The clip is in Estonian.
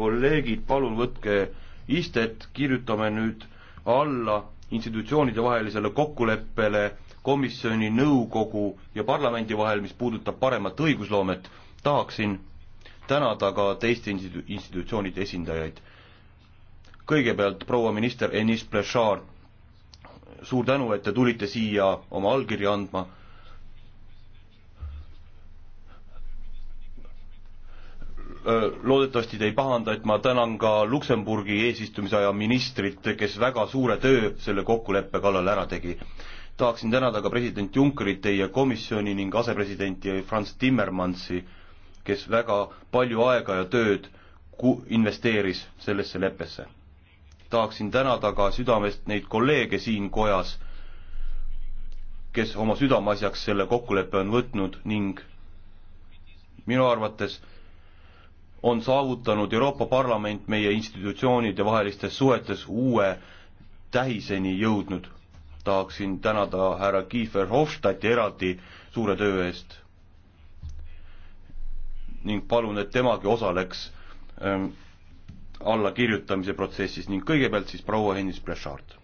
kolleegid, palun võtke istet, kirjutame nüüd alla institutsioonide vahelisele kokkuleppele komisjoni, nõukogu ja parlamendi vahel, mis puudutab paremat õigusloomet, tahaksin tänada ka teiste institu-, institutsioonide esindajaid. kõigepealt proua minister Enis Plechard, suur tänu, et te tulite siia oma allkirja andma loodetavasti te ei pahanda, et ma tänan ka Luksemburgi eesistumise aja ministrit, kes väga suure töö selle kokkuleppe kallal ära tegi. tahaksin tänada ka president Junckerit, teie komisjoni ning asepresidenti Franz Timmermansi, kes väga palju aega ja tööd ku-, investeeris sellesse leppesse. tahaksin tänada ka südamest neid kolleege siin kojas, kes oma südameasjaks selle kokkuleppe on võtnud ning minu arvates on saavutanud Euroopa Parlament meie institutsioonide vahelistes suhetes uue tähiseni jõudnud. tahaksin tänada härra Kiefer Hofstadti eraldi suure töö eest ning palun, et temagi osaleks ähm, allakirjutamise protsessis ning kõigepealt siis proua Hennis Blechard